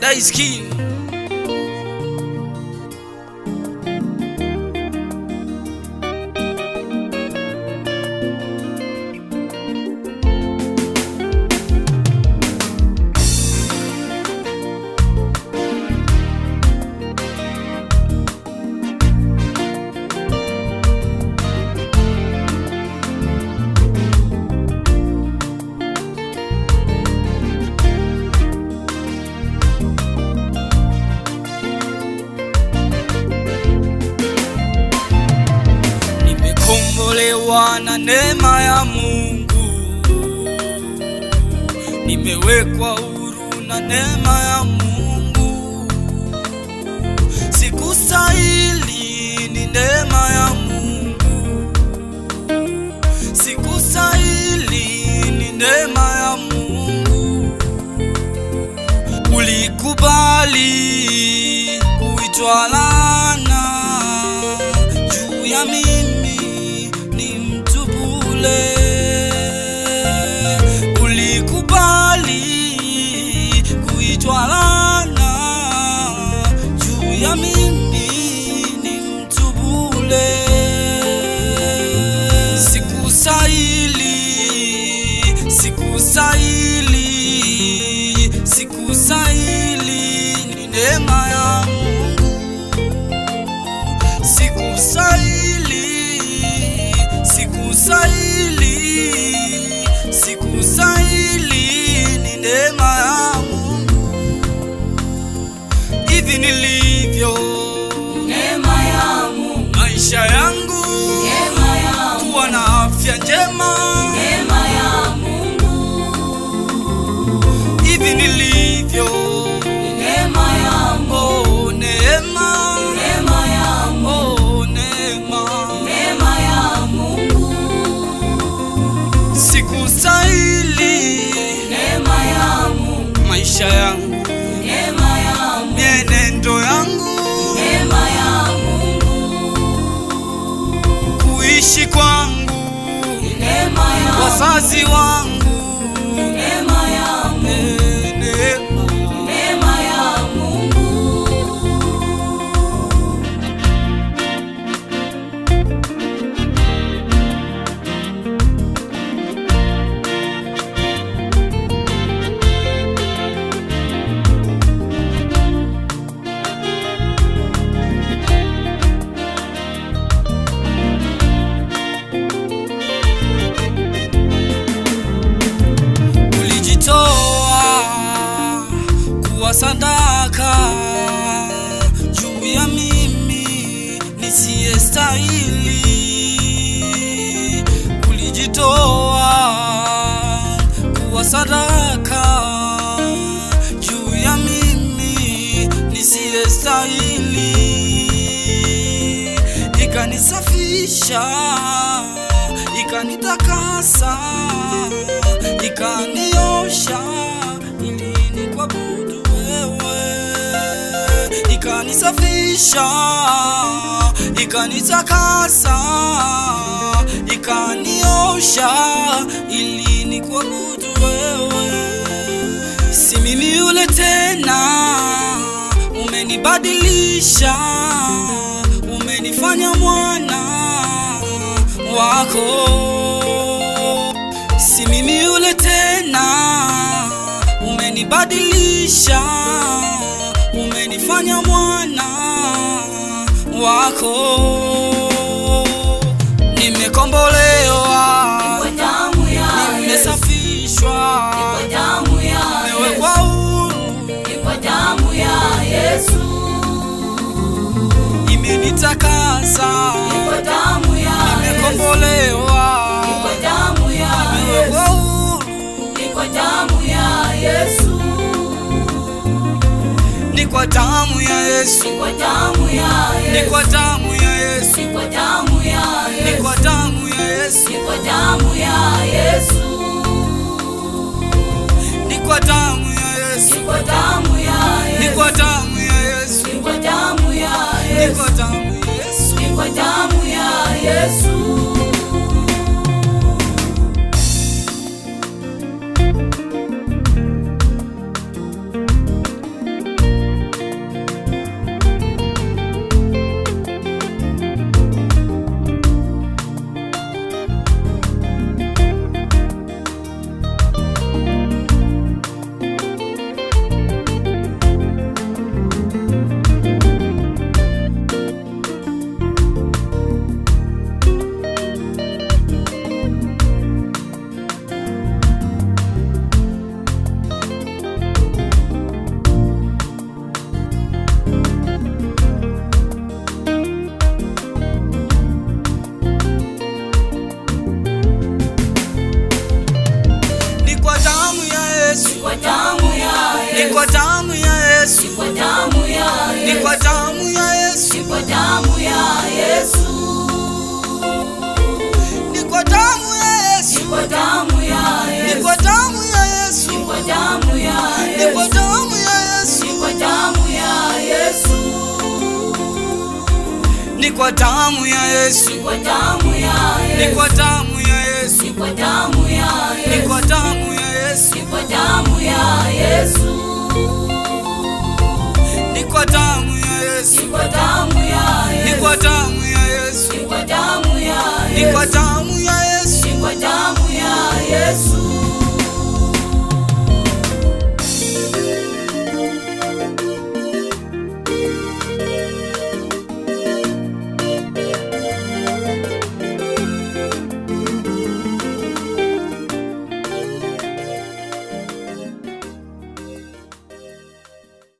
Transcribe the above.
That is key. Bwana, neema ya Mungu, nimewekwa huru na neema ya Mungu. Sikustahili, ni neema ya Mungu. Sikustahili, ni neema ya Mungu. Ulikubali kuitwa laana juu ya mimi Mungu sikustahili, sikustahili, ni neema ya Mungu hivi nilivyo, neema ya Mungu maisha yangu, neema ya Mungu kuwa na afya njema maisha yangu, mienendo yangu, kuishi kwangu, wazazi wangu stahili kulijitoa kuwa sadaka juu ya mimi nisiye stahili ikanisafisha, ikanitakasa, ikani ikanisafisha, ikanitakasa, ikaniosha ili nikuabudu wewe. Si mimi yule tena, umenibadilisha, umenifanya mwana wako. Si mimi yule tena, umenibadilisha nifanya mwana wako nimekombole kwa damu ya Yesu, kwa damu ya Yesu, ni kwa damu ya Yesu, ni kwa damu ya Yesu, ni kwa damu ya Yesu, ni kwa damu ya Yesu, ni kwa damu ya Yesu, ni kwa damu ya Yesu, ni kwa damu ya Yesu, ni kwa damu ya Yesu, ni kwa damu ya Yesu, ni kwa damu ya Yesu. ni kwa damu ya Yesu, ni kwa damu ya Yesu, ni kwa damu ya Yesu, ni kwa damu ya Yesu, ni kwa damu ya Yesu, ni kwa damu ya Yesu, ni kwa damu ya Yesu, ni kwa damu ya Yesu, ni kwa damu ya Yesu, ni kwa damu ya Yesu, ni kwa damu ya Yesu, ni kwa damu ya Yesu Yesu, ni kwa damu ya Yesu, ni kwa damu ya Yesu, ni kwa damu ya Yesu, ni kwa damu ya Yesu, ni kwa damu